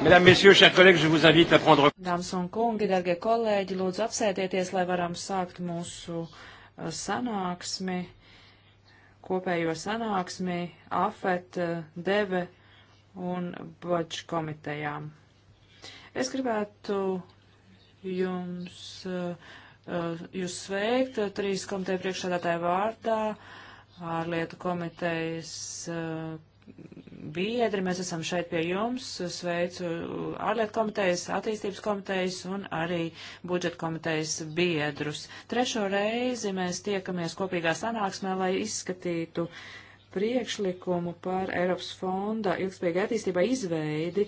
Mesdames, messieurs, chers collègues, je vous invite à prendre... Dāmas un kungi, dargie kolēģi, lūdzu apsēdieties, lai varam sākt mūsu uh, sanāksmi, kopējo sanāksmi AFET, uh, DEVE un BOČ komitejām. Es gribētu jums, uh, jūs sveikt trīs komiteju priekšsādātāju vārdā, ārlietu komitejas biedri, mēs esam šeit pie jums, sveicu ārlietu komitejas, attīstības komitejas un arī budžeta komitejas biedrus. Trešo reizi mēs tiekamies kopīgā sanāksmē, lai izskatītu priekšlikumu par Eiropas fonda ilgspējīgai attīstībai izveidi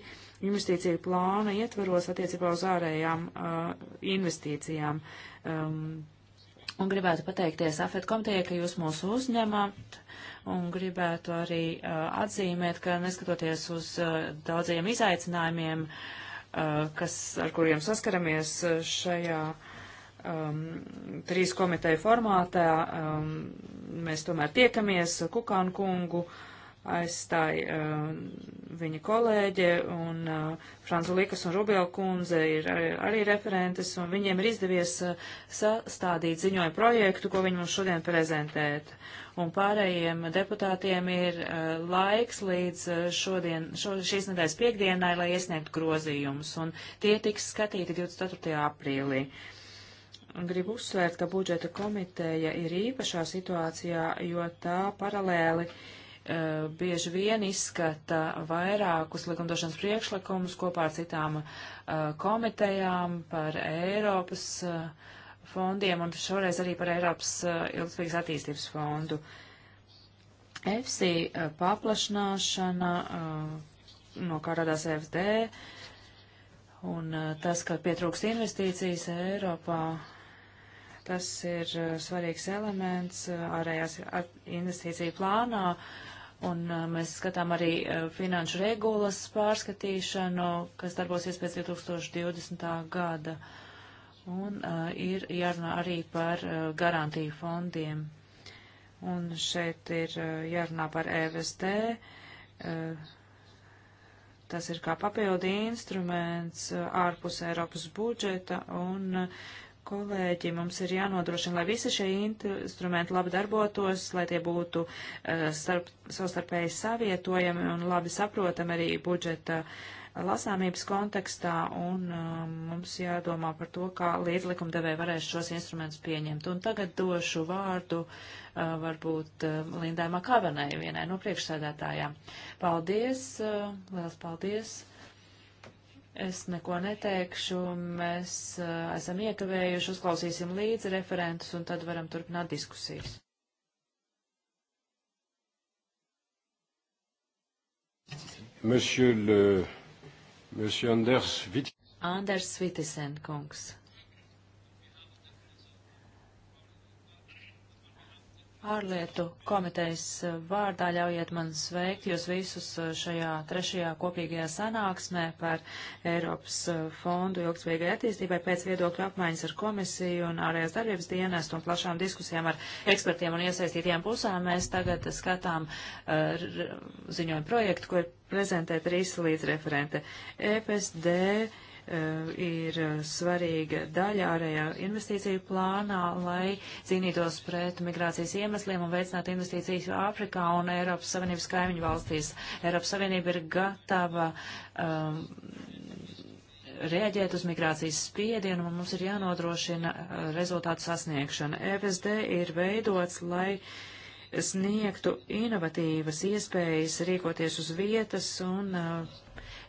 investīciju plāna ietvaros attiecībā uz ārējām uh, investīcijām. Um, Un gribētu pateikties AFET komitejai, ka jūs mūs uzņemat un gribētu arī uh, atzīmēt, ka neskatoties uz uh, daudziem izaicinājumiem, uh, kas, ar kuriem saskaramies uh, šajā um, trīs komiteju formātā, um, mēs tomēr tiekamies Kukānu kungu. Uh, aizstāja uh, viņa kolēģe, un uh, Franza Likas un Rubjela kundze ir arī, arī referentes, un viņiem ir izdevies uh, sastādīt ziņoju projektu, ko viņi mums šodien prezentēt. Un pārējiem deputātiem ir uh, laiks līdz uh, šodien, šo, šīs nedēļas piekdienai, lai iesniegtu grozījumus, un tie tiks skatīti 24. aprīlī. Gribu uzsvērt, ka budžeta komiteja ir īpašā situācijā, jo tā paralēli uh, Eh, bieži vien izskata vairākus likumdošanas priekšlikumus kopā ar citām eh, komitejām par Eiropas eh, fondiem un šoreiz arī par Eiropas ilgspējīgas attīstības fondu. EFSI paplašināšana, no kā radās FD, un tas, ka pietrūkst investīcijas Eiropā, tas ir svarīgs elements ārējās investīciju plānā. Uh, Un uh, mēs skatām arī uh, finanšu regulas pārskatīšanu, kas darbosies pēc 2020. gada. Un uh, ir jārunā arī par uh, garantiju fondiem. Un šeit ir uh, jārunā par EVSD. Uh, tas ir kā papildi instruments uh, ārpus Eiropas budžeta un uh, Kolēģi, mums ir jānodrošina, lai visi šie instrumenti labi darbotos, lai tie būtu uh, starp, savstarpēji savietojami un labi saprotami arī budžeta lasāmības kontekstā, un uh, mums jādomā par to, kā līdzlikumdevēji varēs šos instrumentus pieņemt. Un tagad došu vārdu uh, varbūt uh, Lindai Makavenai, vienai no priekšsēdētājām. Paldies, uh, liels paldies! Es neko neteikšu, mēs uh, esam iekavējuši, uzklausīsim līdzi referentus un tad varam turpināt diskusijas. Monsieur, le, Monsieur Anders, Vit... Anders Vitisen kungs. Ārlietu komitejas eh, vārdā ļaujiet man sveikt jūs visus eh, šajā trešajā kopīgajā sanāksmē par Eiropas eh, fondu ilgspējīgai attīstībai pēc viedokļu apmaiņas ar komisiju un ārējās darbības dienestu un plašām diskusijām ar ekspertiem un iesaistītajām pusēm. Mēs tagad skatām ziņojumu projektu, ko ir prezentēta Rīsa līdzreferente. EPSD Eh, ir svarīga daļa ārējā investīciju plānā, lai cīnītos pret migrācijas iemesliem un veicinātu investīcijas Āfrikā un Eiropas Savienības kaimiņu valstīs. Eiropas Savienība ir gatava um, ehm, rēģēt uz migrācijas spiedienu, un mums ir jānodrošina eh, rezultātu sasniegšana. FSD e ir veidots, lai sniegtu inovatīvas iespējas rīkoties uz vietas un uh,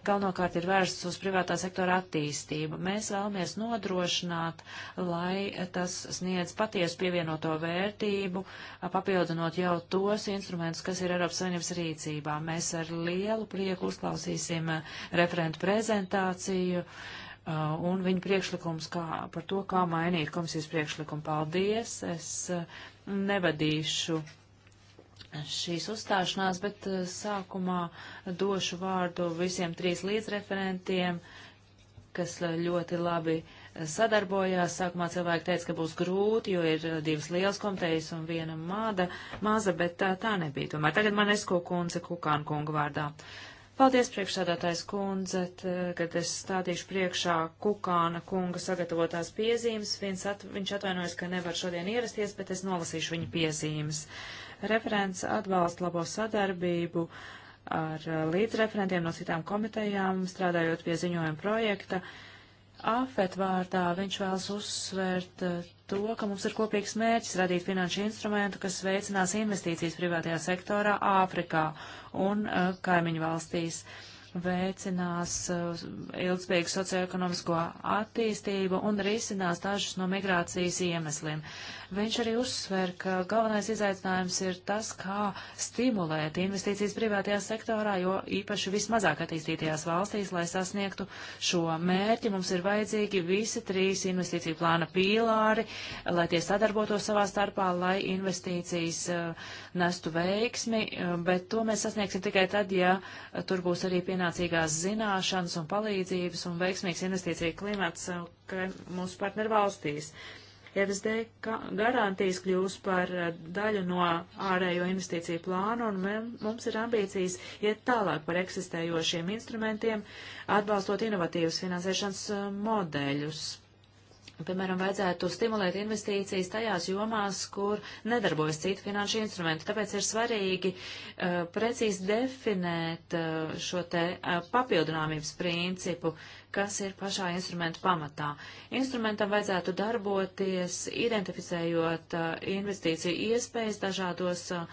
galvenokārt ir vērsts uz privātā sektora attīstību. Mēs vēlamies nodrošināt, lai tas sniedz patiesu pievienoto vērtību, papildinot jau tos instrumentus, kas ir Eiropas Savienības rīcībā. Mēs ar lielu prieku uzklausīsim referentu prezentāciju uh, un viņa priekšlikums kā, par to, kā mainīt komisijas priekšlikumu. Paldies! Es uh, nevadīšu šīs uzstāšanās, bet eh, sākumā došu vārdu visiem trīs līdzreferentiem, kas eh, ļoti labi eh, sadarbojās. Sākumā cilvēki teica, ka būs grūti, jo ir divas lielas komitejas un viena māda, maza, bet tā, tā nebija. Tomēr tagad man esko kundze Kukāna kunga vārdā. Paldies, priekšsādātājs kundze, kad es stādīšu priekšā Kukāna kunga sagatavotās piezīmes. At, viņš atvainojas, ka nevar šodien ierasties, bet es nolasīšu viņa piezīmes. Uh, Referents atbalsta labo sadarbību ar uh, līdzreferentiem no citām komitejām, strādājot pie ziņojuma projekta. Afet vārdā viņš vēlas uzsvērt uh, to, ka mums ir kopīgs mērķis radīt finanšu instrumentu, kas veicinās investīcijas privātajā sektorā Āfrikā un uh, kaimiņu valstīs veicinās uh, ilgspējīgu socioekonomisko attīstību un risinās dažus no migrācijas iemesliem. Viņš arī uzsver, ka galvenais izaicinājums ir tas, kā stimulēt investīcijas privātajā sektorā, jo īpaši vismazāk attīstītajās valstīs, lai sasniegtu šo mērķi, mums ir vajadzīgi visi trīs investīciju plāna pīlāri, lai tie sadarbotos savā starpā, lai investīcijas uh, nestu veiksmi, eh, bet to mēs sasniegsim tikai tad, ja tur būs arī pienācīgās zināšanas un palīdzības un veiksmīgs investīcija klimats eh, mūsu partneru valstīs. FSD garantijas kļūs par eh, daļu no ārējo investīciju plānu, un mums ir ambīcijas iet tālāk par eksistējošiem instrumentiem, atbalstot inovatīvas finansēšanas eh, modeļus. Piemēram, vajadzētu stimulēt investīcijas tajās jomās, kur nedarbojas citu finanšu instrumentu. Tāpēc ir svarīgi uh, precīzi definēt uh, šo te uh, papildināmības principu, kas ir pašā instrumenta pamatā. Instrumentam vajadzētu darboties, identificējot uh, investīciju iespējas dažādos uh,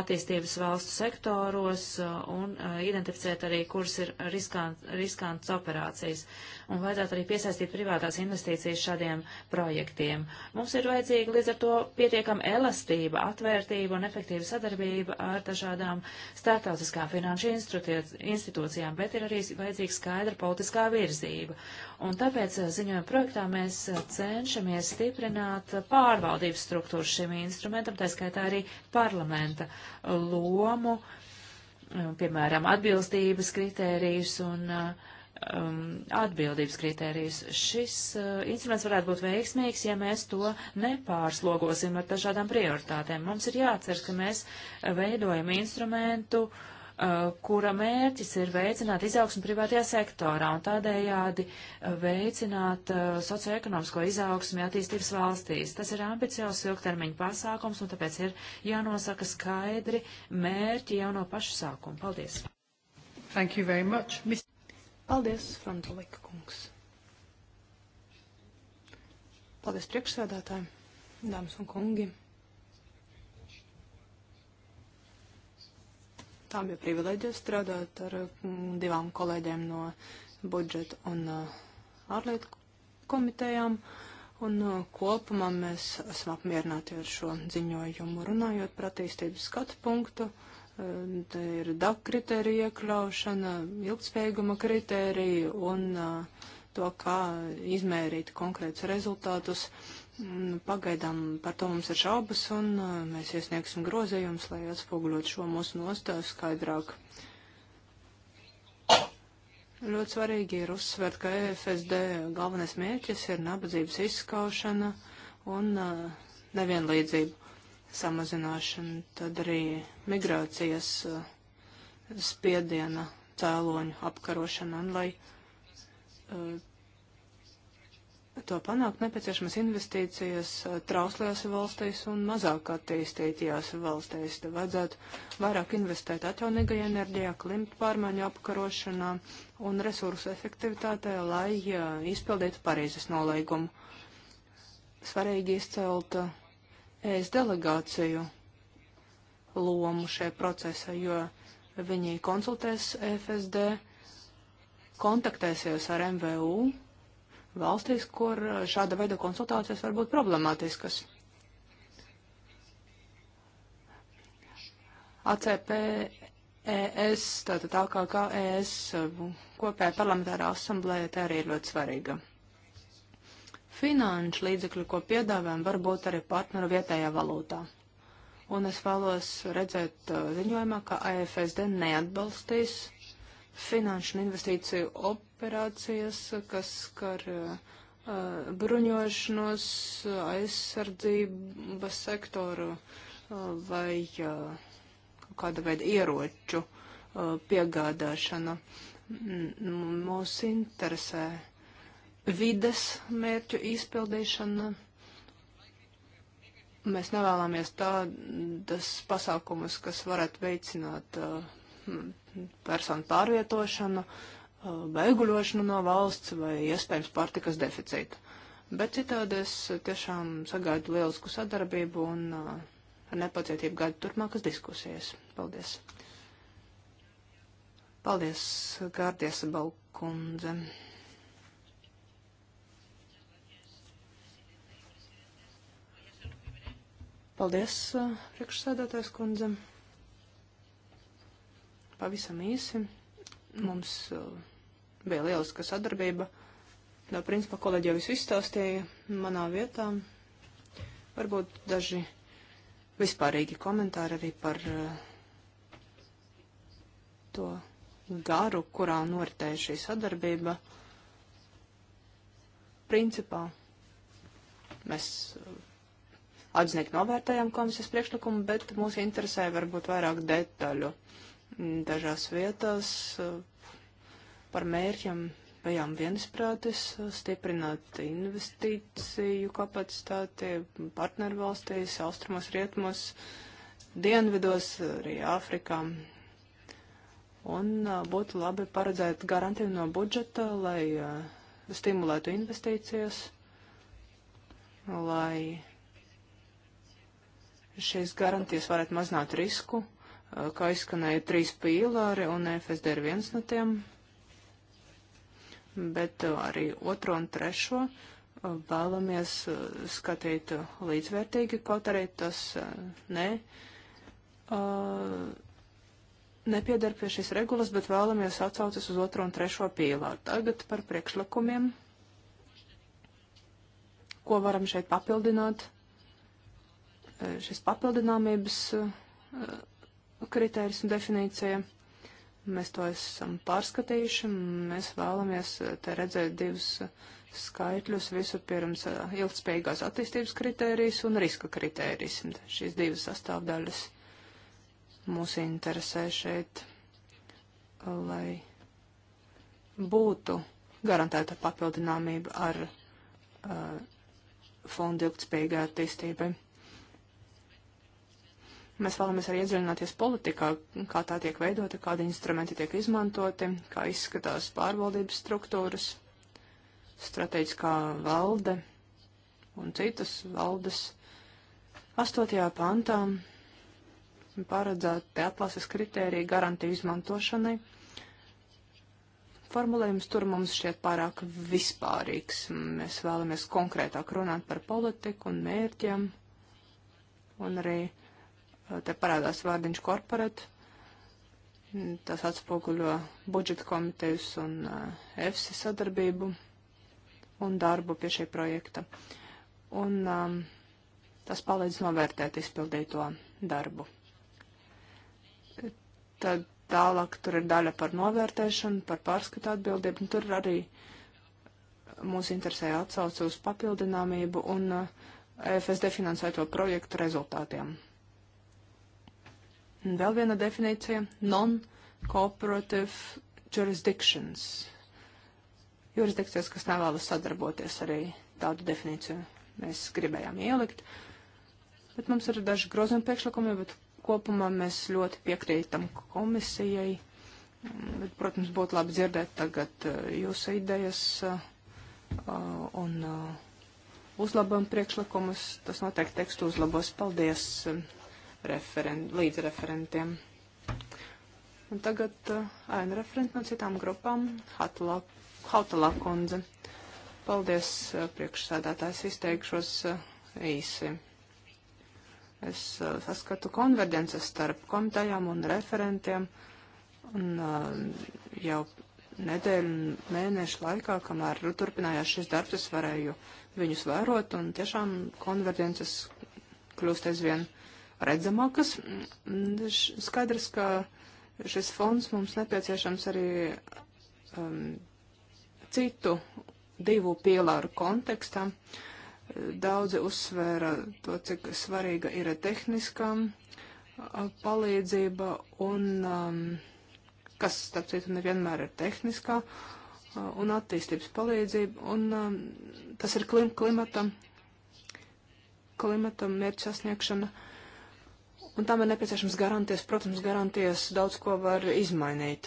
attīstības valstu sektoros uh, un uh, identificēt arī, kuras ir riskant, riskants operācijas un vajadzētu arī piesaistīt privātās investīcijas šādiem projektiem. Mums ir vajadzīga līdz ar to pietiekama elastība, atvērtība un efektīva sadarbība ar dažādām starptautiskām finanšu institūcijām, bet ir arī vajadzīga skaidra politiskā virzība. Un tāpēc ziņojuma projektā mēs cenšamies stiprināt pārvaldības struktūru šim instrumentam, tā skaitā arī parlamenta lomu lomu, piemēram, atbilstības kritērijus un uh, um, atbildības kritērijus. Šis uh, instruments varētu būt veiksmīgs, ja mēs to nepārslogosim ar dažādām prioritātēm. Mums ir jāatceras, ka mēs veidojam instrumentu, uh, kura mērķis ir veicināt izaugsmu privātajā sektorā un tādējādi uh, veicināt uh, socioekonomisko izaugsmu attīstības valstīs. Tas ir ambiciozs ilgtermiņa pasākums, un tāpēc ir jānosaka skaidri mērķi jau no paša sākuma. Paldies! Thank you very much. Mr. Paldies, Frantulika kungs. Paldies priekšsēdētājiem, dāmas un kungi. Tā bija privileģija strādāt ar mm, divām kolēģiem no budžeta un uh, ārlietu komitejām. Un uh, kopumā mēs esam apmierināti ar šo ziņojumu, runājot par attīstības skatu punktu. Uh, Ehm, te ir DAC kriterija iekļaušana, ilgspējīguma kriterija un eh, to, kā izmērīt konkrētus rezultātus. Mm, pagaidām par to mums ir šaubas, un eh, mēs iesniegsim grozījumus, lai atspoguļot šo mūsu nostāju skaidrāk. Ļoti svarīgi ir uzsvērt, ka EFSD galvenais mērķis ir nabadzības izskaušana un eh, nevienlīdzība samazināšana, tad arī migrācijas eh, spiediena cēloņu apkarošana. Un, lai eh, to panākt, nepieciešamas investīcijas eh, trauslajās valstīs un mazāk attīstītajās valstīs. Te vajadzētu vairāk investēt atjaunīgajā enerģijā, klimta pārmaiņu apkarošanā un resursu efektivitātē, lai izpildītu Parīzes nolīgumu. Svarīgi izcelt uh, ES delegāciju lomu šajā procesā, jo viņi konsultēs FSD, kontaktēsies ar MVU valstīs, kur šāda veida konsultācijas var būt problemātiskas. ACP ES, tātad tā kā, kā ES kopējā parlamentārā asamblēja, tā arī ir ļoti svarīga finanšu līdzekļu, ko piedāvājam, var būt arī partneru vietējā valūtā. Un es vēlos redzēt uh, ziņojumā, ka AFSD neatbalstīs finanšu un investīciju operācijas, kas skar uh, bruņošanos, aizsardzības sektoru uh, vai uh, kāda veida ieroču uh, piegādāšanu. M mūs interesē uh, vides mērķu izpildīšana. Mēs nevēlamies tādas pasākumus, kas varētu veicināt uh, personu pārvietošanu, beiguļošanu uh, no valsts vai iespējams pārtikas deficītu. Bet citādi es tiešām sagaidu lielisku sadarbību un uh, ar nepacietību gaidu turpmākas diskusijas. Paldies! Paldies, Gārdies Balkundze! Paldies, eh, priekšsēdētājs kundze. Pavisam īsi. Mums eh, bija lieliska sadarbība. No principā kolēģi jau visu izstāstīja manā vietā. Varbūt daži vispārīgi komentāri arī par eh, to garu, kurā noritēja šī sadarbība. Principā mēs atzinīgi novērtējam komisijas priekšlikumu, bet mūs interesē varbūt vairāk detaļu mm, dažās vietās eh, par mērķiem. Bijām viensprātis eh, stiprināt investīciju kapacitāti partnervalstīs, austrumos, rietumos, dienvidos, arī Āfrikā. Un eh, būtu labi paredzēt garantiju no budžeta, lai stimulētu investīcijas, lai Šīs garantijas varētu mazināt risku, eh, kā izskanēja trīs pīlāri, un FSD ir viens no tiem, bet eh, arī otro un trešo eh, vēlamies skatīt līdzvērtīgi, kaut arī tas ne, nepiedar pie šīs regulas, bet vēlamies atsaucas uz otro un trešo pīlāru. Tagad par priekšlikumiem, ko varam šeit papildināt Eh, šis papildināmības eh, kritērijs un definīcija. Mēs to esam pārskatījuši. Mēs vēlamies eh, te redzēt divus skaitļus. Visu pirms ilgspējīgās attīstības kritērijas un riska kritērijas. Šīs divas sastāvdaļas mūs interesē šeit, lai būtu garantēta papildināmība ar uh, fondu ilgtspējīgai attīstībai. Mēs vēlamies arī iedziļināties politikā, kā tā tiek veidota, kādi instrumenti tiek izmantoti, kā izskatās pārvaldības struktūras, strateģiskā valde un citas valdes. Astotajā pantā paredzēti atlases kritērija garantiju izmantošanai. Formulējums tur mums šķiet pārāk vispārīgs. Mēs vēlamies konkrētāk runāt par politiku un mērķiem un arī uh, Te parādās vārdiņš korporat. Tas atspoguļo budžeta komitejas un eh, EFSI sadarbību un darbu pie šī projekta. Un um, tas palīdz novērtēt izpildīto darbu. Tad tālāk tur ir daļa par novērtēšanu, par pārskatu atbildību, un tur arī mūs interesēja atsauce uz papildināmību un eh, EFSD finansēto projektu rezultātiem. Vēl viena definīcija - non-cooperative jurisdictions. Jurisdikcijas, kas nevēlas sadarboties, arī tādu definīciju mēs gribējām ielikt. Bet mums ir daži grozījumi priekšlikumi, bet kopumā mēs ļoti piekrītam komisijai. Bet, protams, būtu labi dzirdēt tagad uh, jūsu idejas uh, uh, un uzlabam priekšlikumus. Tas noteikti tekstu uzlabos. Paldies! referent, līdzreferentiem. Un tagad eh, ēna uh, referenti no citām grupām - Hautala kundze. Paldies, uh, priekšsēdētājs, izteikšos uh, īsi. Es saskatu konverģences starp komitējām un referentiem. Un jau nedēļu un mēnešu laikā, kamēr turpinājās šis darbs, es varēju viņus vērot, un tiešām konverģences kļūst aizvien redzamākas. Mm, skaidrs, ka šis fonds mums nepieciešams arī um, citu divu pielāru kontekstā. Daudzi uzsvēra to, cik svarīga ir tehniskā palīdzība un um, kas, starp citu, nevienmēr ir tehniskā un attīstības palīdzība, un um, tas ir klim, klimata, klimata mērķa sasniegšana. Uh, Un tam ir nepieciešams garantijas, protams, garantijas daudz ko var izmainīt.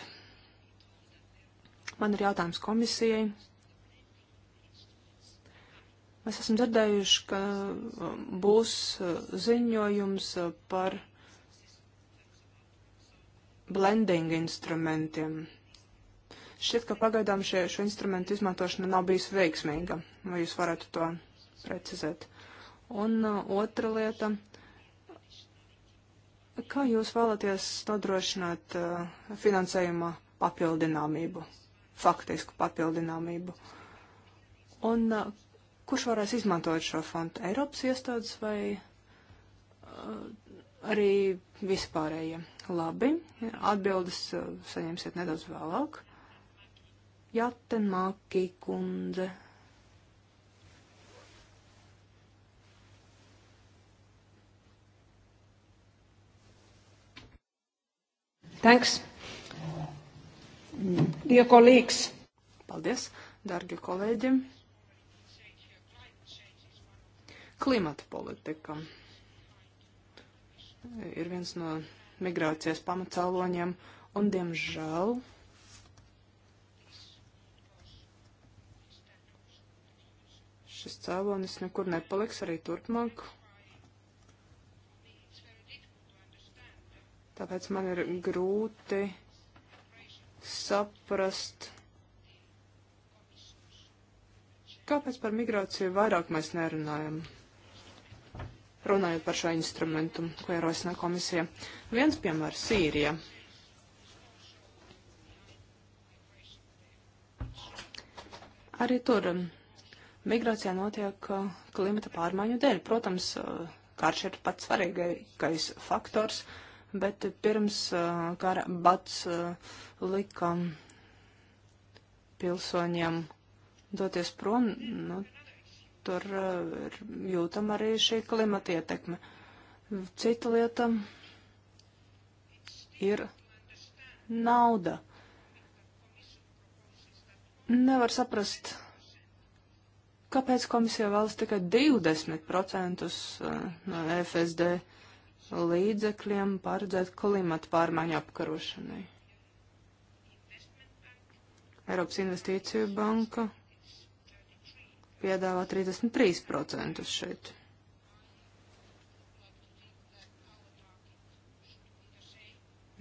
Man ir jautājums komisijai. Mēs esam dzirdējuši, ka um, būs uh, ziņojums uh, par blending instrumentiem. Šķiet, ka pagaidām šie, šo instrumentu izmantošana nav bijusi veiksmīga. Vai jūs varētu to precizēt? Un uh, otra lieta Kā jūs vēlaties nodrošināt uh, finansējuma papildināmību, faktisku papildināmību? Un uh, kurš varēs izmantot šo fondu? Eiropas iestādes vai uh, arī vispārējie? Labi, atbildes uh, saņemsiet nedaudz vēlāk. Jatenmāki kundze. Thanks. Dear colleagues. Paldies, dargi kolēģi. Klimata politika ir viens no migrācijas pamatcēloņiem, un diemžēl šis cēlonis nekur nepaliks arī turpmāk. Tāpēc man ir grūti saprast, kāpēc par migrāciju vairāk mēs nerunājam. Runājot par šo instrumentu, ko ierosina komisija. Viens piemērs - Sīrija. Arī tur um, migrācijā notiek uh, klimata pārmaiņu dēļ. Protams, uh, karš ir pats svarīgākais faktors. Uh, bet pirms kara bats lika pilsoņiem doties prom, nu, tur jūtam arī šī klimata ietekme. Cita lieta ir nauda. Nevar saprast, kāpēc komisija vēlas tikai 20% no FSD līdzekļiem paredzēt klimata pārmaiņu apkarošanai. Eiropas Investīciju banka piedāvā 33% šeit.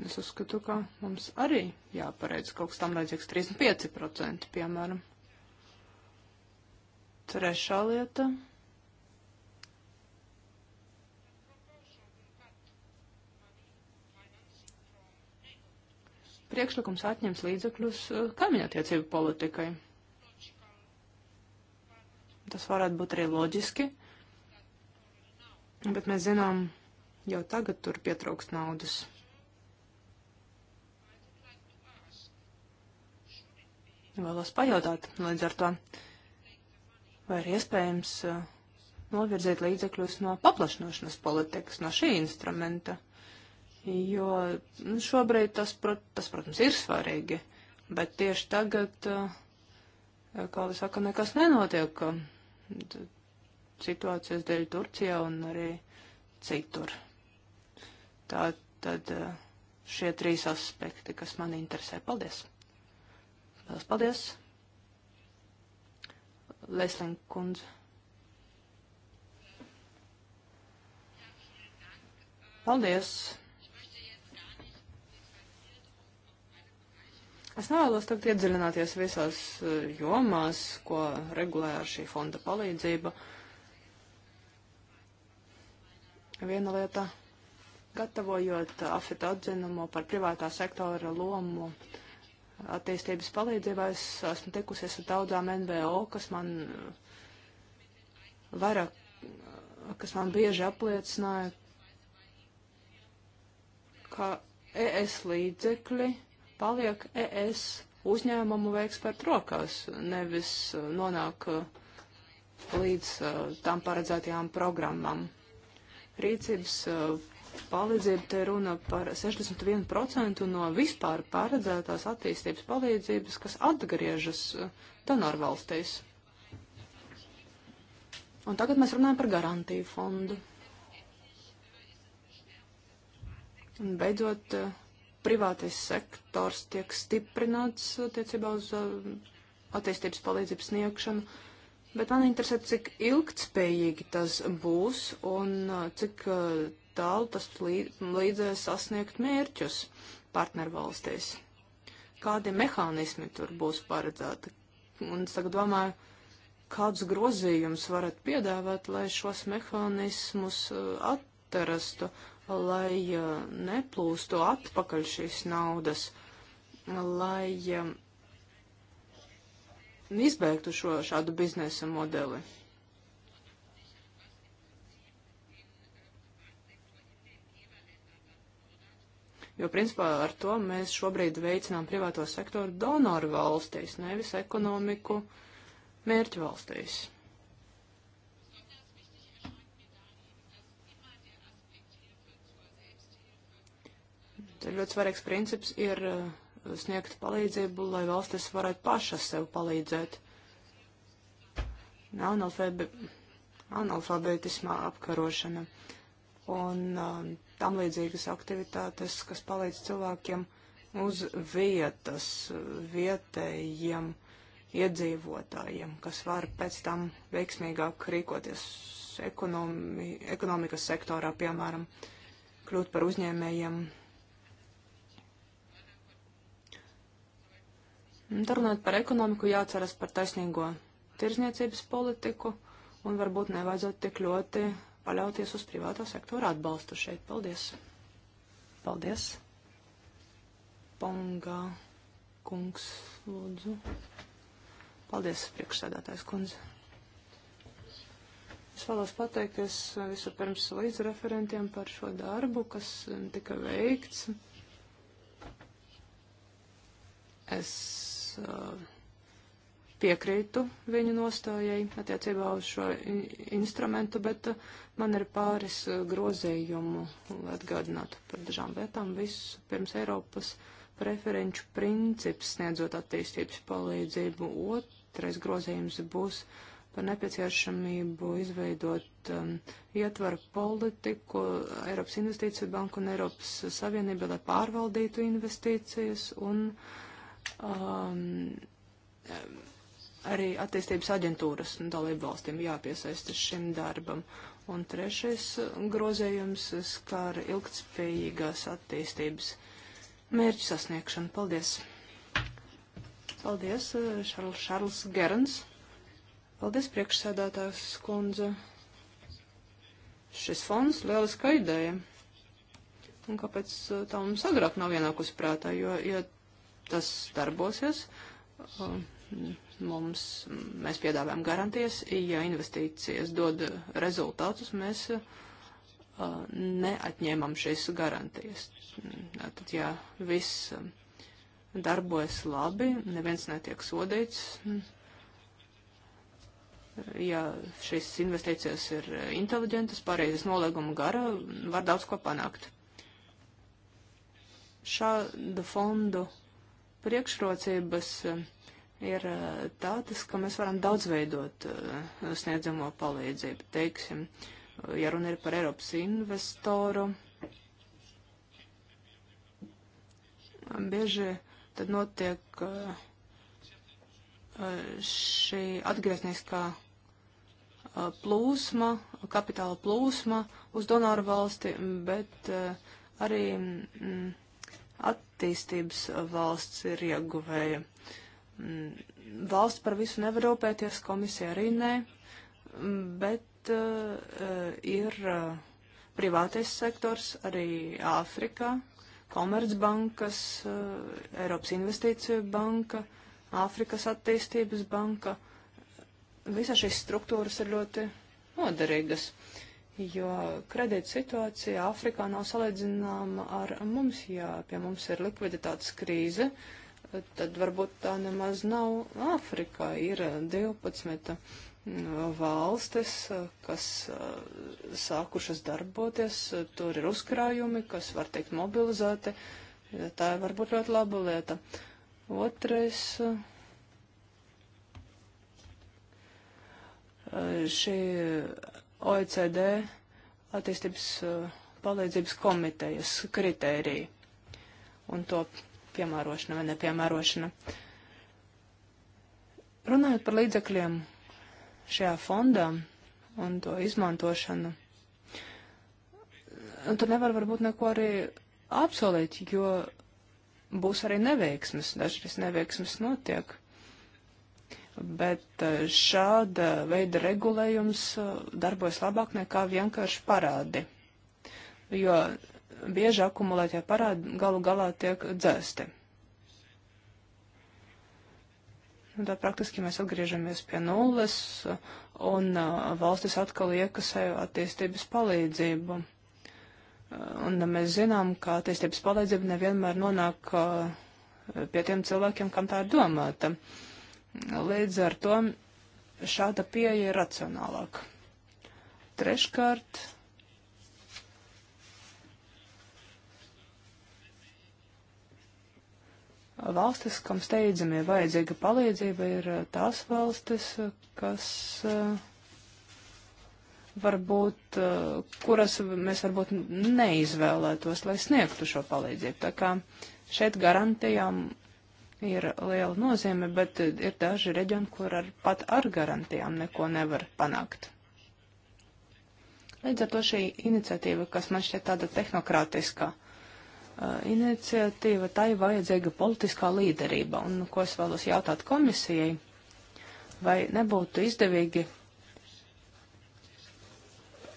Es uzskatu, ka mums arī jāpareic kaut kas tam līdzīgs 35%, piemēram. Trešā lieta. priekšlikums atņems līdzekļus uh, kaimiņattiecību politikai. Tas varētu būt arī loģiski, bet mēs zinām, jau tagad tur pietrūkst naudas. Vēlos pajautāt līdz ar to, vai ir iespējams uh, novirzīt līdzekļus no paplašināšanas politikas, no šī instrumenta. Jo nu, šobrīd tas, prot, tas protams, ir svarīgi, bet tieši tagad, eh, kā lai saka, nekas nenotiek situācijas dēļ Turcijā un arī citur. Tā tad eh, šie trīs aspekti, kas man interesē. Paldies! Paldies! paldies. Leslin kundze. Paldies! Es nevēlos tagad iedziļināties visās eh, jomās, ko regulē ar šī fonda palīdzību. Viena lieta, gatavojot afita atzinumu par privātā sektora lomu attīstības palīdzībā, es esmu tikusies ar daudzām NVO, kas man eh, vairāk, kas man bieži apliecināja, ka ES līdzekļi paliek ES uzņēmumu ekspertu rokās, nevis uh, nonāk uh, līdz uh, tam paredzētajām programmām. Rīcības palīdzība te runa par 61% no vispār paredzētās attīstības palīdzības, kas atgriežas donorvalstīs. Un tagad mēs runājam par garantiju fondu. Un beidzot, uh, privātais sektors tiek stiprināts attiecībā uz uh, attīstības palīdzības sniegšanu, bet man interesē, cik ilgtspējīgi tas būs un uh, cik uh, tālu tas līdzēs sasniegt mērķus partnervalstīs. Kādi mehānismi tur būs paredzēti? Un es tagad domāju, kādus grozījumus varat piedāvāt, lai šos mehānismus atrastu lai neplūstu atpakaļ šīs naudas, lai izbēgtu šo šādu biznesa modeli. Jo, principā, ar to mēs šobrīd veicinām privāto sektoru donoru valstīs, nevis ekonomiku mērķu valstīs. Tad ļoti svarīgs princips ir uh, sniegt palīdzību, lai valstis varētu pašas sev palīdzēt. Analfabē, analfabētismā apkarošana un um, tam līdzīgas aktivitātes, kas palīdz cilvēkiem uz vietas, vietējiem iedzīvotājiem, kas var pēc tam veiksmīgāk rīkoties ekonomi, ekonomikas sektorā, piemēram, kļūt par uzņēmējiem Turpinot par ekonomiku, jāceras par taisnīgo tirzniecības politiku un varbūt nevajadzētu tik ļoti paļauties uz privātā sektora atbalstu šeit. Paldies! Paldies! Pongā kungs, lūdzu. Paldies, priekšsēdētājs kundze. Es vēlos pateikties vispirms līdzreferentiem par šo darbu, kas tika veikts. Es Uh, piekrītu viņu nostājai attiecībā uz šo instrumentu, bet uh, man ir pāris uh, grozījumu, lai atgādinātu par dažām lietām. Vispirms Eiropas preferenču princips sniedzot attīstības palīdzību. Otrais grozījums būs par nepieciešamību izveidot um, ietvaru politiku Eiropas investīciju banku un Eiropas Savienību, lai pārvaldītu investīcijas un uh, um, arī attīstības aģentūras dalību valstīm jāpiesaista šim darbam. Un trešais grozējums skar ilgtspējīgās attīstības mērķu sasniegšanu. Paldies! Paldies, uh, Šarls, Šarls Gerns. Paldies, priekšsēdētājs kundze. Šis fonds lieliska ideja. Un kāpēc uh, tā mums agrāk nav ienākusi prātā, jo, ja tas darbosies. Mums, mēs piedāvājam garantijas, ja investīcijas dod rezultātus, mēs uh, neatņēmam šīs garantijas. Tad, ja viss um, darbojas labi, neviens netiek sodīts, ja šīs investīcijas ir inteliģentas, pareizes nolieguma gara, var daudz ko panākt. Šādu fondu priekšrocības eh, ir eh, tādas, ka mēs varam daudzveidot eh, sniedzamo palīdzību. Teiksim, ja runa ir par Eiropas investoru, bieži tad notiek šī atgriezniskā plūsma, kapitāla plūsma uz donoru valsti, bet arī. Mm, attīstības valsts ir ieguvēja. Mm, valsts par visu nevar rūpēties, komisija arī nē, mm, bet uh, ir uh, privātais sektors arī Āfrikā, Komercbankas, uh, Eiropas investīciju banka, Āfrikas attīstības banka. Visas šīs struktūras ir ļoti noderīgas jo kredīta situācija Āfrikā nav salīdzināma ar mums, ja pie mums ir likviditātes krīze, tad varbūt tā nemaz nav Āfrikā. Ir 12 mm, valstis, kas eh, sākušas darboties, tur ir uzkrājumi, kas var tikt mobilizēti. Tā ir varbūt ļoti laba lieta. Otrais. Eh, šī OECD attīstības uh, palīdzības komitejas kritēriju un to piemērošana vai nepiemērošana. Runājot par līdzekļiem šajā fondā un to izmantošanu, tur nevar varbūt neko arī apsolīt, jo būs arī neveiksmes, dažreiz neveiksmes notiek bet eh, šāda veida regulējums eh, darbojas labāk nekā vienkārši parādi, jo bieži akumulētie parādi galu galā tiek dzēsti. Un tā praktiski mēs atgriežamies pie nulles, un eh, valstis atkal iekasē attīstības palīdzību. Un mēs zinām, ka attīstības palīdzība nevienmēr nonāk pie tiem cilvēkiem, kam tā ir domāta. Uh, Līdz ar to šāda pieeja ir racionālāka. Treškārt. Valstis, kam steidzami ir vajadzīga palīdzība, ir eh, tās valstis, kas eh, varbūt, eh, kuras mēs varbūt neizvēlētos, lai sniegtu šo palīdzību. Tā kā šeit garantijām ir liela nozīme, bet eh, ir daži reģioni, kur ar, pat ar garantijām neko nevar panākt. Līdz ar to šī iniciatīva, kas man šķiet tāda tehnokrātiskā uh, eh, iniciatīva, tai vajadzīga politiskā līderība. Un ko es vēlos jautāt komisijai, vai nebūtu izdevīgi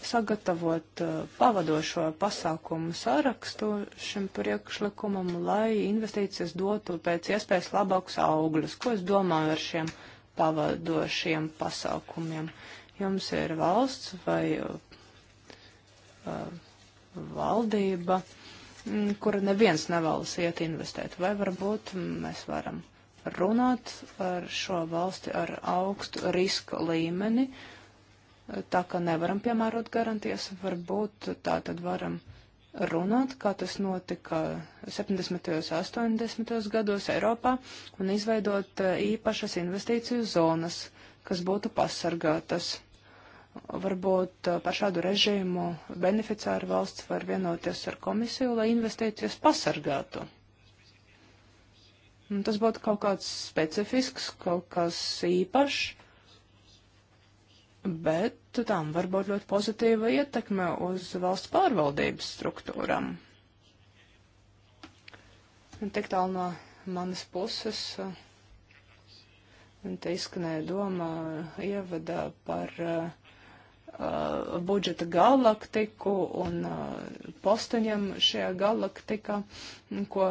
sagatavot uh, pavadošo pasākumu sarakstu šim priekšlikumam, lai investīcijas dotu pēc iespējas labākus augļus. Ko es domāju ar šiem pavadošiem pasākumiem? Jums ir valsts vai uh, uh valdība, mm, kura neviens nevēlas iet investēt, vai varbūt mēs varam runāt ar šo valsti ar augstu riska līmeni, uh, tā ka nevaram piemērot garantijas, varbūt tā tad varam runāt, kā tas notika 70. un 80. gados Eiropā, un izveidot e, īpašas investīciju zonas, kas būtu pasargātas. Varbūt e, par šādu režīmu beneficāra valsts var vienoties ar komisiju, lai investīcijas pasargātu. Un tas būtu kaut kāds specifisks, kaut kas īpašs bet tām var būt ļoti pozitīva ietekme uz valsts pārvaldības struktūram. Un tik tālu no manas puses. Un te izskanēja doma ievadā par uh, budžeta galaktiku un uh, posteņiem šajā galaktikā, ko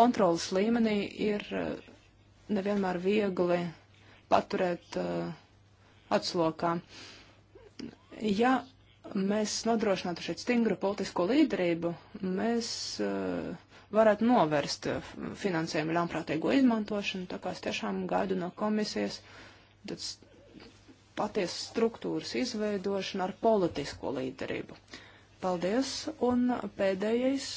kontrolas līmenī ir nevienmēr viegli uh, paturēt uh, eh, atslokā. Ja mēs nodrošinātu šeit stingru politisko līderību, mēs uh, varētu novērst eh, finansējumu ļaunprātīgo izmantošanu, tā kā es tiešām gaidu no komisijas patiesas struktūras izveidošanu ar politisko līderību. Paldies, un pēdējais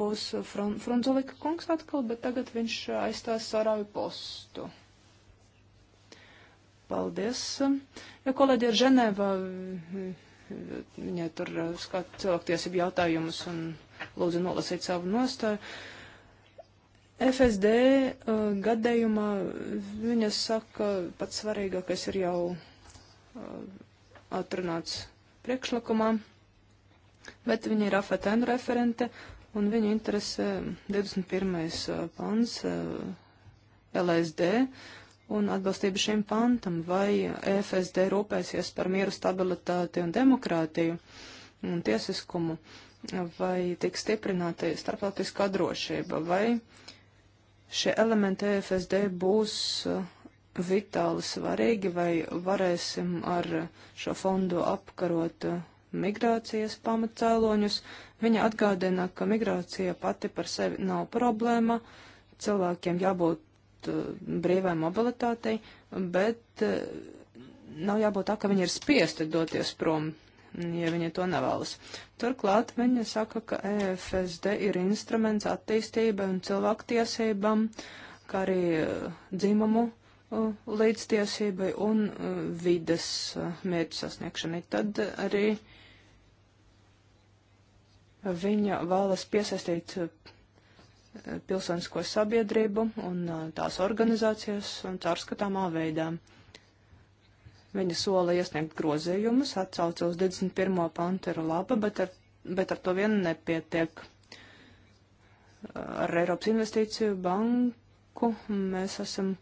būs Frun Frunzulika kungs atkal, bet tagad viņš aizstās Saravi postu. Paldies. Ja kolēģi ir Ženēvā, viņai tur skat cilvēktiesību jautājumus un lūdzu nolasīt savu nostāju. FSD uh, gadējumā viņa saka, pats svarīgākais ir jau uh, atrunāts priekšlikumā, bet viņa ir AFTN referente un viņa interesē 21. Uh, uh, pants uh, LSD. Uh, un atbilstība šim pantam, vai FSD rūpēsies par mieru, stabilitāti un demokrātiju un tiesiskumu, vai tiks stiprināta starptautiskā drošība, vai šie elementi FSD būs uh, vitāli svarīgi, vai varēsim ar šo fondu apkarot uh, migrācijas pamatcēloņus. Viņa atgādina, ka migrācija pati par sevi nav problēma, cilvēkiem jābūt Eh, brīvai mobilitātei, bet eh, nav jābūt tā, ka viņi ir spiesti doties prom, ja viņi to nevēlas. Turklāt viņa saka, ka EFSD ir instruments attīstībai un cilvēktiesībām, kā arī eh, dzimumu līdztiesībai un vides mērķu sasniegšanai. Tad arī viņa vēlas piesaistīt pilsonisko sabiedrību un uh, tās organizācijas un caurskatāmā veidā. Viņa sola iesniegt grozījumus, atcauca uz 21. pantu ir laba, bet ar, bet ar to vien nepietiek. Ar Eiropas investīciju banku mēs esam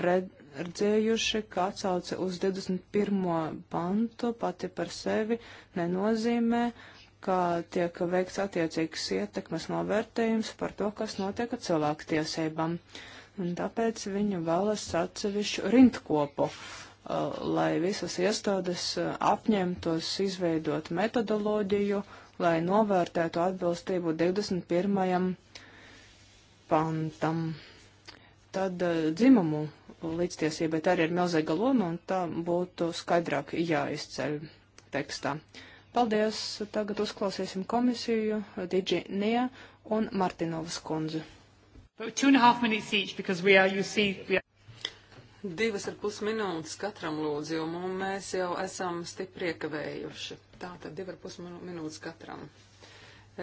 redzējuši, ka atsauce uz 21. pantu pati par sevi nenozīmē ka tiek veikts attiecīgs ietekmes novērtējums par to, kas notiek ar cilvēku tiesībām. Un tāpēc viņi vēlas atsevišķu rindkopu, uh, lai visas iestādes uh, apņemtos izveidot metodoloģiju, lai novērtētu atbilstību 21. pantam. Tad uh, dzimumu līdztiesībai tā arī ir milzīga loma, un tā būtu skaidrāk jāizceļ tekstā. Uh, Paldies! Tagad uzklausīsim komisiju, Digi Nija un Martinovas kundzi. Divas ar pus minūtes katram lūdzu, jo mēs jau esam stipri iekavējuši. Tā tad divi ar pus minūtes katram.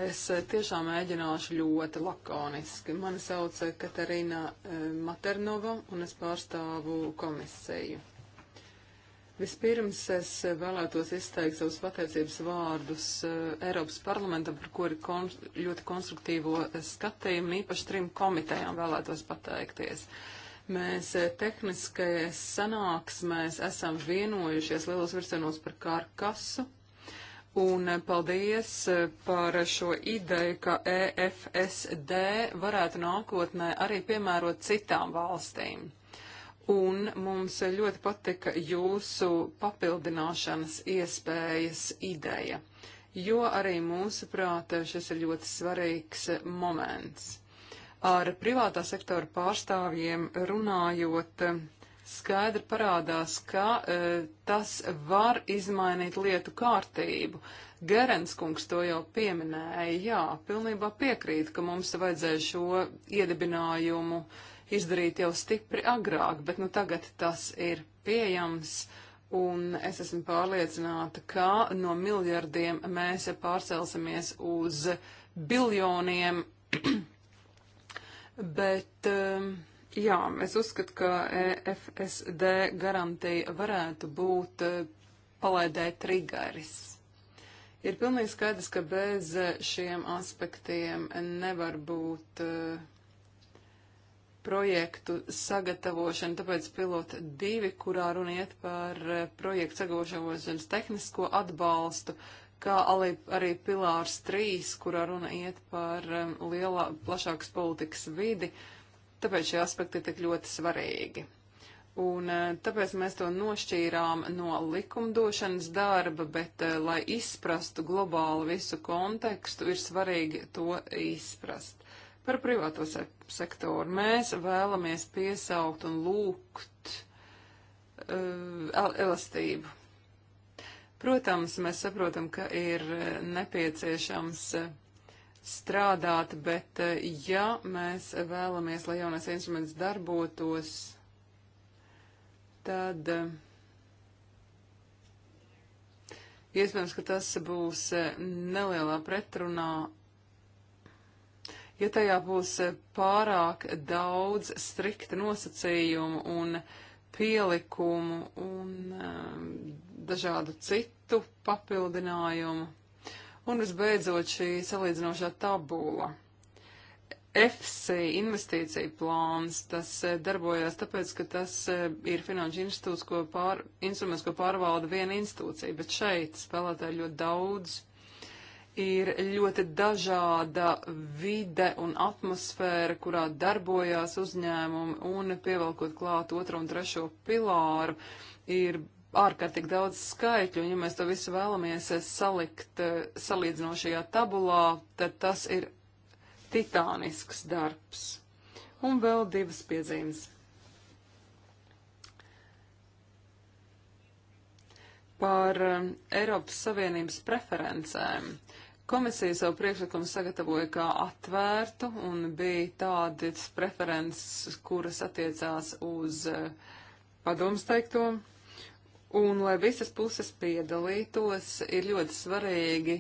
Es eh, tiešām mēģināšu ļoti lakoniski. Mani sauc Katarina eh, Maternova un es pārstāvu komisiju. Vispirms es vēlētos izteikt savus pateicības vārdus eh, Eiropas parlamentam, par kuri kon ļoti konstruktīvo skatījumu, īpaši trim komitejām vēlētos pateikties. Mēs eh, tehniskajās sanāksmēs esam vienojušies lielos virsienos par karkasu, un eh, paldies par šo ideju, ka EFSD varētu nākotnē arī piemērot citām valstīm. Un mums ļoti patika jūsu papildināšanas iespējas ideja, jo arī mūsuprāt šis ir ļoti svarīgs moments. Ar privātā sektora pārstāvjiem runājot, skaidri parādās, ka e, tas var izmainīt lietu kārtību. Gerenskungs to jau pieminēja, jā, pilnībā piekrīt, ka mums vajadzēja šo iedibinājumu uh, izdarīt jau stipri agrāk, bet nu tagad tas ir pieejams. Un es esmu pārliecināta, ka no miljardiem mēs pārcelsimies uz biljoniem. bet, um, jā, es uzskatu, ka EFSD garantija varētu būt uh, palaidē trigaris. Ir pilnīgi skaidrs, ka bez uh, šiem aspektiem nevar būt uh, projektu sagatavošanu, tāpēc pilota divi, kurā runa iet par eh, projektu sagatavošanas tehnisko atbalstu, kā arī pilārs trīs, kurā runa iet par lielā, plašākas politikas vidi, tāpēc šie aspekti ir tik ļoti svarīgi. Un eh, tāpēc mēs to nošķīrām no likumdošanas darba, bet, eh, lai izprastu globālu visu kontekstu, ir svarīgi to izprast. Par privāto se sektoru mēs vēlamies piesaukt un lūgt uh, elastību. Protams, mēs saprotam, ka ir eh, nepieciešams eh, strādāt, bet ja mēs vēlamies, lai jaunais instruments darbotos, tad iespējams, ka tas būs nelielā pretrunā Ja tajā būs eh, pārāk daudz strikta nosacījumu un pielikumu un um, dažādu citu papildinājumu, un visbeidzot šī salīdzinošā tabula. FC investīcija plāns, tas eh, darbojās tāpēc, ka tas eh, ir finanšu institūts, ko pār, instruments, ko pārvalda viena institūcija, bet šeit spēlētāji ļoti daudz ir ļoti dažāda vide un atmosfēra, kurā darbojās uzņēmumi, un pievelkot klāt otro un trešo pilāru, ir ārkārtīgi daudz skaitļu, un ja mēs to visu vēlamies salikt salīdzinošajā tabulā, tad tas ir titānisks darbs. Un vēl divas piezīmes. Par um, Eiropas Savienības preferencēm. Komisija savu priekšlikumu sagatavoja kā atvērtu un bija tādas preferences, kuras attiecās uz eh, padomus teikto. Un, lai visas puses piedalītos, ir ļoti svarīgi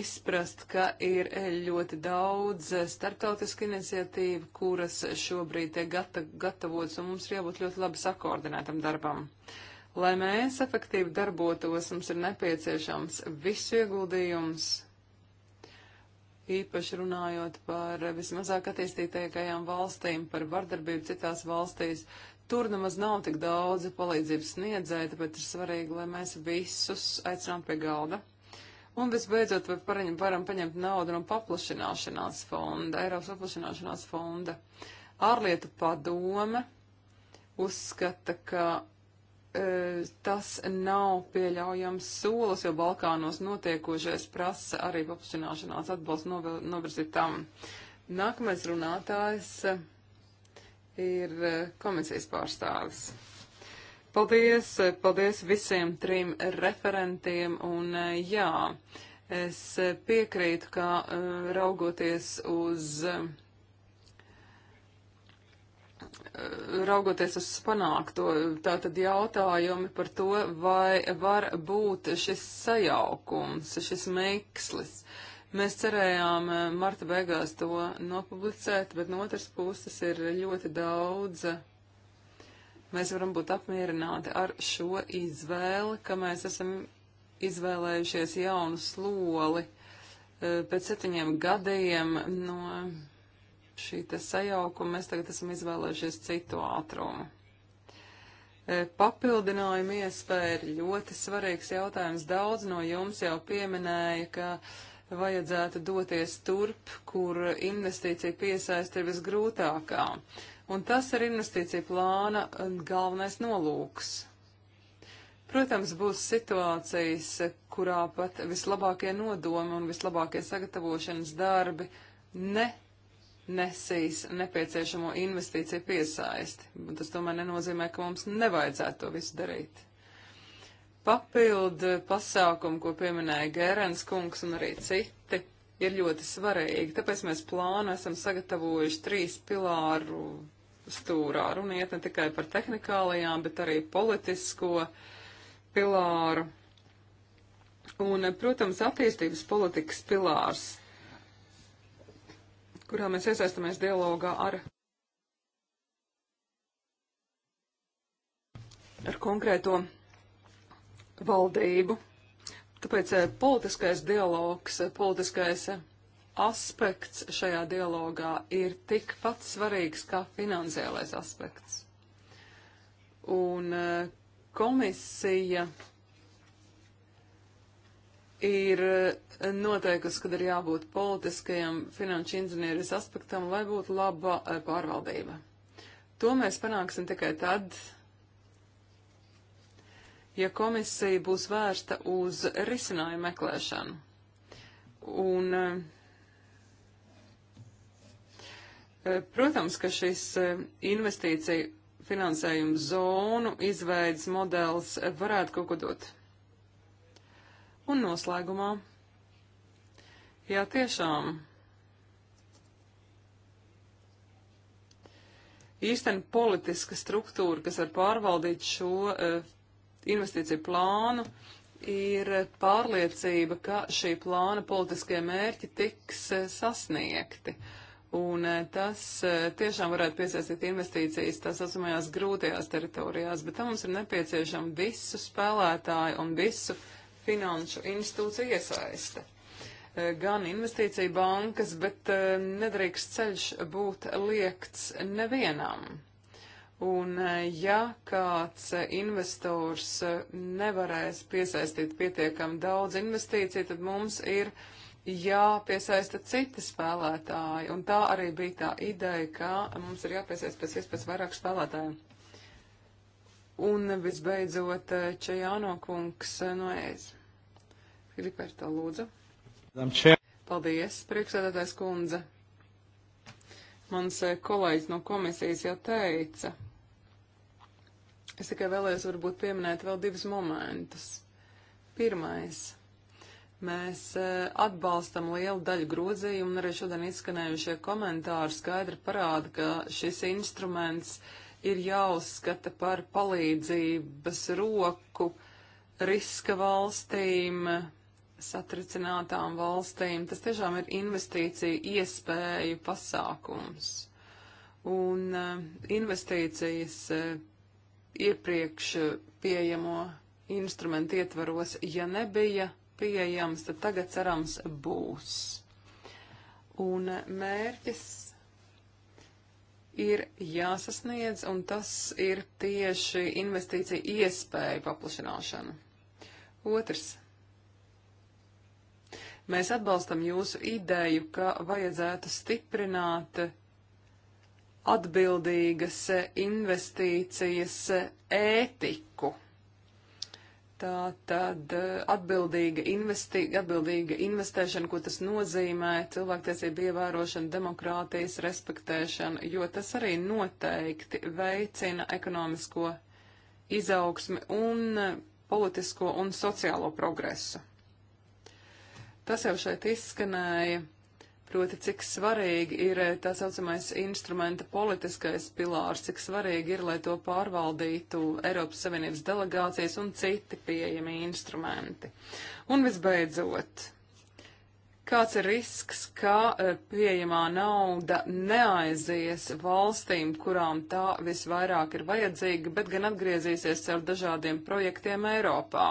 izprast, ka ir ļoti daudz starptautisku iniciatīvu, kuras šobrīd tiek gata gatavotas, un mums ir jābūt ļoti labi sakoordinētam darbam. Uh, Lai mēs efektīvi darbotos, mums ir nepieciešams visu ieguldījums, īpaši runājot par vismazāk attīstītākajām valstīm, par vardarbību citās valstīs. Tur nemaz nav tik daudzi palīdzības sniedzēji, tāpēc ir svarīgi, lai mēs visus aicinām pie galda. Un visbeidzot, vai varam paņemt naudu no paplašināšanās fonda, Eiropas paplašināšanās fonda. Ārlietu padome uzskata, ka E, tas nav pieļaujams solis, jo Balkānos notiekošais prasa arī paplašināšanās atbalstu novirzīt tam. Nākamais runātājs ir e, komisijas pārstāvis. Paldies, e, paldies visiem trim referentiem un jā, es piekrītu, ka raugoties uz raugoties uz panākto, tā tad jautājumi par to, vai var būt šis sajaukums, šis mikslis. Mēs cerējām eh, marta beigās to nopublicēt, bet no otras puses ir ļoti daudz. Mēs varam būt apmierināti ar šo izvēli, ka mēs esam izvēlējušies jaunu sloli eh, pēc septiņiem gadiem no šī te sajaukuma, mēs tagad esam izvēlējušies citu ātrumu. E, papildinājuma iespēja ir ļoti svarīgs jautājums. Daudz no jums jau pieminēja, ka vajadzētu doties turp, kur investīcija piesaist ir visgrūtākā. Un tas ir investīcija plāna galvenais nolūks. Protams, būs situācijas, kurā pat vislabākie nodomi un vislabākie sagatavošanas darbi ne nesīs nepieciešamo investīciju piesaisti. Tas tomēr nenozīmē, ka mums nevajadzētu to visu darīt. Papildu pasākumu, ko pieminēja Gērens kungs un arī citi, ir ļoti svarīgi. Tāpēc mēs plānu esam sagatavojuši trīs pilāru stūrā. Runa iet ne tikai par tehnikālajām, bet arī politisko pilāru. Un, protams, attīstības politikas pilārs kurā mēs iesaistamies dialogā ar, ar konkrēto valdību. Tāpēc eh, politiskais dialogs, eh, politiskais eh, aspekts šajā dialogā ir tikpat svarīgs kā finansiālais aspekts. Un komisija ir eh, noteikusi, kad ir jābūt politiskajam finanšu inženieris aspektam, lai būtu laba eh, pārvaldība. To mēs panāksim tikai tad, ja komisija būs vērsta uz risinājumu meklēšanu. Un, eh, protams, ka šis investīcija finansējums zonu izveids modelis varētu kaut ko dot. Un noslēgumā. Jā, tiešām. Īsten politiska struktūra, kas var pārvaldīt šo uh, investīciju plānu, ir pārliecība, ka šī plāna politiskie mērķi tiks uh, sasniegti. Un eh, tas tiešām varētu piesaistīt investīcijas tās atzumajās grūtajās teritorijās, bet tam mums ir nepieciešama visu spēlētāju un visu uh, finanšu institūciju iesaiste. E, gan investīcija bankas, bet e, nedrīkst ceļš būt liekts nevienam. Un e, ja kāds investors nevarēs piesaistīt pietiekam daudz investīciju, tad mums ir jāpiesaista citi spēlētāji. Un tā arī bija tā ideja, ka mums ir jāpiesaista pēc iespējas vairāk spēlētāju. Un visbeidzot Čajāno kungs no EZ. Riperto lūdzu. Paldies, priekšsēdētājs kundze. Mans eh, kolēģis no komisijas jau teica. Es tikai vēlējos varbūt pieminēt vēl divus momentus. Pirmais. Mēs eh, atbalstam lielu daļu grozījumu, un arī šodien izskanējušie komentāri skaidri parāda, ka šis instruments ir jāuzskata par palīdzības roku riska valstīm satricinātām valstīm. Tas tiešām ir investīcija iespēju pasākums. Un eh, investīcijas eh, iepriekš pieejamo instrumentu ietvaros, ja nebija pieejams, tad tagad cerams būs. Un eh, mērķis ir jāsasniedz, un tas ir tieši investīcija iespēja paplašināšana. Otrs Mēs atbalstam jūsu ideju, ka vajadzētu stiprināt atbildīgas investīcijas ētiku. Tā tad eh, atbildīga, investi, atbildīga investēšana, ko tas nozīmē, cilvēktiesība ievērošana, demokrātijas respektēšana, jo tas arī noteikti veicina ekonomisko izaugsmi un eh, politisko un sociālo progresu. Tas jau šeit izskanēja, proti, cik svarīgi ir tā saucamais instrumenta politiskais pilārs, cik svarīgi ir, lai to pārvaldītu Eiropas Savienības delegācijas un citi pieejami instrumenti. Un visbeidzot, kāds ir risks, ka eh, pieejamā nauda neaizies valstīm, kurām tā visvairāk ir vajadzīga, bet gan atgriezīsies caur dažādiem projektiem Eiropā.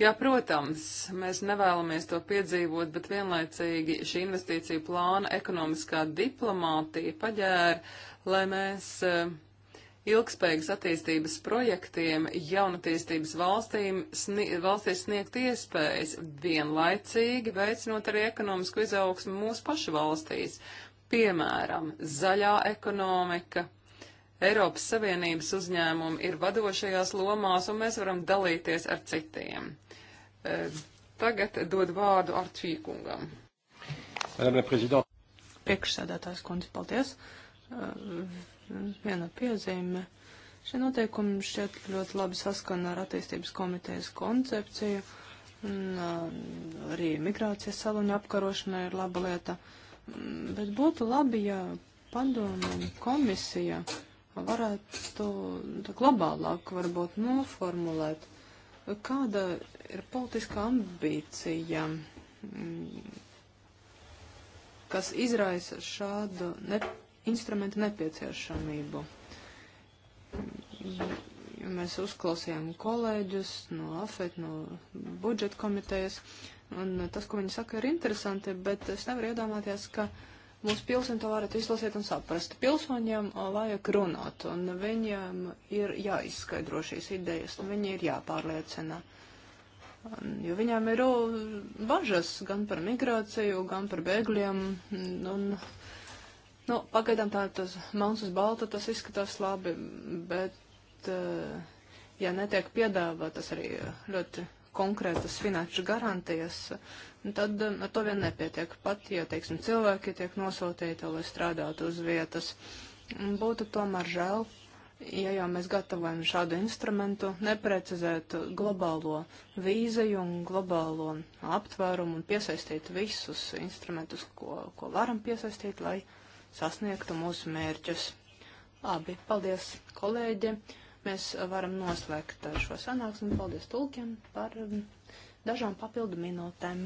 Jā, protams, mēs nevēlamies to piedzīvot, bet vienlaicīgi šī investīcija plāna ekonomiskā diplomātija paģēra, lai mēs eh, ilgspējīgas attīstības projektiem jaunatīstības valstīm sni valstīs sniegt iespējas, vienlaicīgi veicinot arī ekonomisko izaugsmu mūsu pašu valstīs. Piemēram, zaļā ekonomika. Eiropas Savienības uzņēmumi ir vadošajās lomās, un mēs varam dalīties ar citiem. Ehm, tagad dod vārdu Artvīkungam. Priekšsēdētājs kundze, paldies. Ehm, viena piezīme. Šie noteikumi šķiet ļoti labi saskana ar attīstības komitejas koncepciju. Un, ehm, arī migrācijas saluņa apkarošana ir laba lieta. Bet būtu labi, ja padomu komisija varētu globālāk varbūt noformulēt uh, Kāda ir politiskā ambīcija, mm, kas izraisa šādu ne instrumentu nepieciešamību? Mm, mēs uzklausījām kolēģus no AFET, no budžeta komitejas, un tas, ko viņi saka, ir interesanti, bet es nevaru iedomāties, ka uh, Mūsu pilsoņi to varat izlasīt un saprast. Pilsoņiem uh, vajag runāt, un viņiem ir jāizskaidro šīs idejas, un viņi ir jāpārliecina. Jo viņām ir uh, bažas gan par migrāciju, gan par bēgļiem, mm, un Nu, pagaidām tā ir tas melns uz balta, tas izskatās labi, bet, uh, ja netiek piedāvātas arī ļoti konkrētas finanšu garantijas, Nu, tad uh, ar to vien nepietiek. Pat, ja, teiksim, cilvēki tiek nosūtīti, lai strādātu uz vietas, būtu tomēr žēl, ja jau mēs gatavojam šādu instrumentu, neprecizēt globālo vīziju un globālo aptvērumu un piesaistīt visus instrumentus, ko, ko varam piesaistīt, lai sasniegtu mūsu mērķus. Labi, paldies, kolēģi. Mēs varam noslēgt šo sanāksmi. Paldies tulkiem par um, dažām papildu minūtēm.